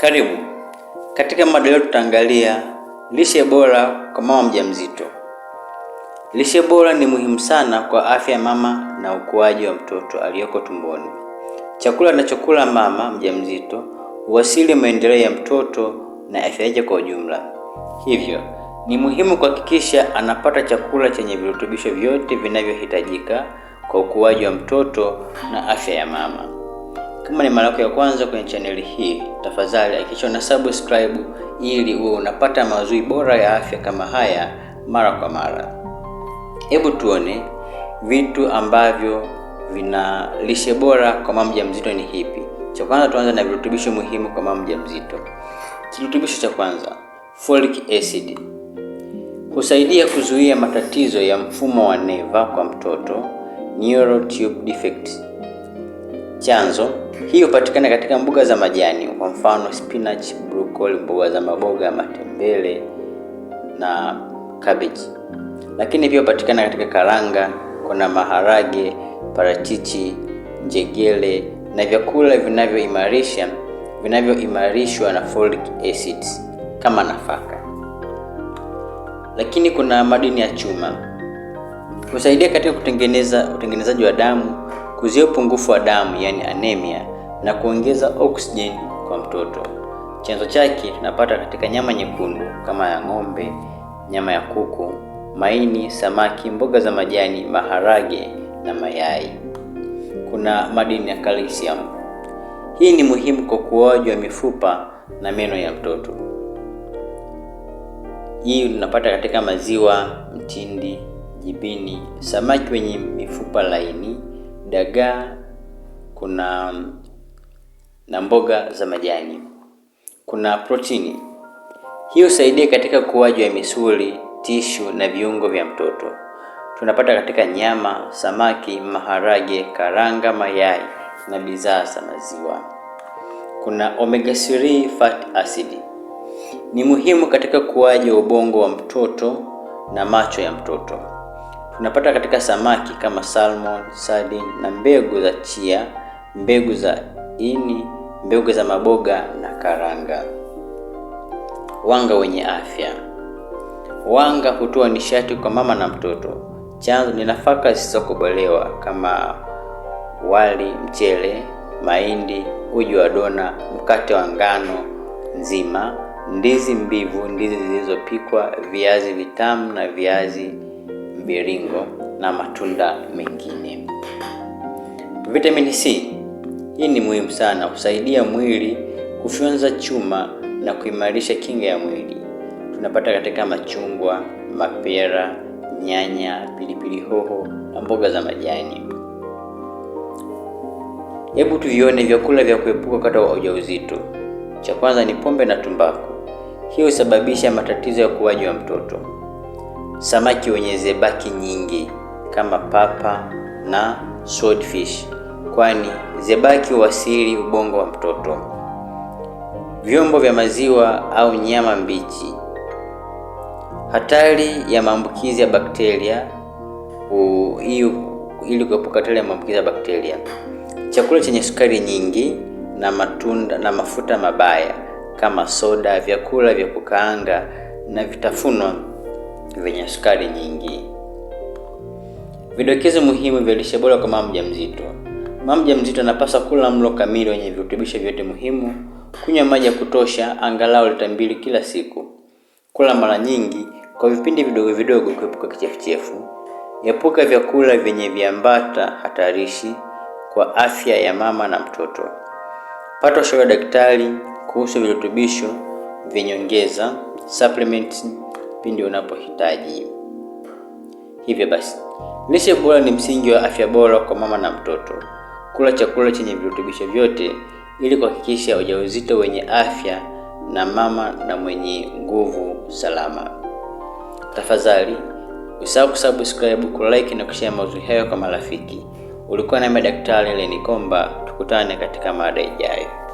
Karibu. Katika mada leo tutaangalia lishe bora kwa mama mjamzito. Lishe bora ni muhimu sana kwa afya ya mama na ukuaji wa mtoto aliyoko tumboni. Chakula anachokula mama mjamzito huasili maendeleo ya mtoto na afya yake kwa ujumla. Hivyo ni muhimu kuhakikisha anapata chakula chenye virutubisho vyote vinavyohitajika kwa ukuaji wa mtoto na afya ya mama. Kama ni mara yako ya kwanza kwenye chaneli hii, tafadhali hakikisha una subscribe ili uwe unapata mazui bora ya afya kama haya mara kwa mara. Hebu tuone vitu ambavyo vina lishe bora kwa mama mjamzito ni hipi. Cha kwanza, tuanze na virutubisho muhimu kwa mama mjamzito. Kirutubisho cha kwanza, folic acid husaidia kuzuia matatizo ya mfumo wa neva kwa mtoto, neural tube defect. Chanzo hii hupatikana katika mboga za majani, kwa mfano spinach, broccoli, mboga za maboga, matembele na cabbage. Lakini pia hupatikana katika karanga, kuna maharage, parachichi, njegele na vyakula vinavyoimarisha vinavyoimarishwa na folic acids kama nafaka. Lakini kuna madini ya chuma, husaidia katika kutengeneza utengenezaji wa damu, kuzuia upungufu wa damu, yani anemia na kuongeza oksijeni kwa mtoto. Chanzo chake tunapata katika nyama nyekundu kama ya ng'ombe, nyama ya kuku, maini, samaki, mboga za majani, maharage na mayai. Kuna madini ya calcium. Hii ni muhimu kwa ukuaji wa mifupa na meno ya mtoto. Hii tunapata katika maziwa, mtindi, jibini, samaki wenye mifupa laini, dagaa, kuna na mboga za majani. Kuna protini, hii husaidia katika ukuaji wa misuli, tishu na viungo vya mtoto. Tunapata katika nyama, samaki, maharage, karanga, mayai na bidhaa za maziwa. Kuna omega 3 fat acid, ni muhimu katika ukuaji wa ubongo wa mtoto na macho ya mtoto. Tunapata katika samaki kama salmon, sardine na mbegu za chia, mbegu za ini mbegu za maboga na karanga. Wanga wenye afya. Wanga hutoa nishati kwa mama na mtoto. Chanzo ni nafaka zisizokobolewa kama wali, mchele, mahindi, uji wa dona, mkate wa ngano nzima, ndizi mbivu, ndizi zilizopikwa, viazi vitamu na viazi mbiringo na matunda mengine. Vitamini C hii ni muhimu sana kusaidia mwili kufyonza chuma na kuimarisha kinga ya mwili. Tunapata katika machungwa, mapera, nyanya, pilipili hoho na mboga za majani. Hebu tuvione vyakula vya kuepuka wakati wa ujauzito. Cha kwanza ni pombe na tumbaku. Hii husababisha matatizo ya ukuaji wa mtoto. Samaki wenye zebaki nyingi kama papa na swordfish kwani zebaki huasili ubongo wa mtoto. Vyombo vya maziwa au nyama mbichi. Hatari ya maambukizi ya bakteria u, iu, ili kuepuka hatari ya maambukizi ya bakteria, chakula chenye sukari nyingi na matunda na mafuta mabaya kama soda, vyakula vya kukaanga na vitafunwa vyenye sukari nyingi. Vidokezo muhimu vya lishe bora kwa mama mjamzito mama mjamzito anapaswa kula mlo kamili wenye virutubisho vyote muhimu, kunywa maji ya kutosha angalau lita mbili kila siku, kula mara nyingi kwa vipindi vidogo vidogo, kuepuka kichefuchefu, epuka vyakula vyenye viambata hatarishi kwa afya ya mama na mtoto, pata ushauri wa daktari kuhusu virutubisho vya nyongeza supplements pindi unapohitaji. Hivyo basi, lishe bora ni msingi wa afya bora kwa mama na mtoto. Kula chakula chenye virutubisho vyote ili kuhakikisha ujauzito wenye afya na mama na mwenye nguvu salama. Tafadhali usahau kusubscribe, kulike na kushare maudhui hayo kwa marafiki. Ulikuwa nami Daktari Lenikomba, tukutane katika mada ijayo.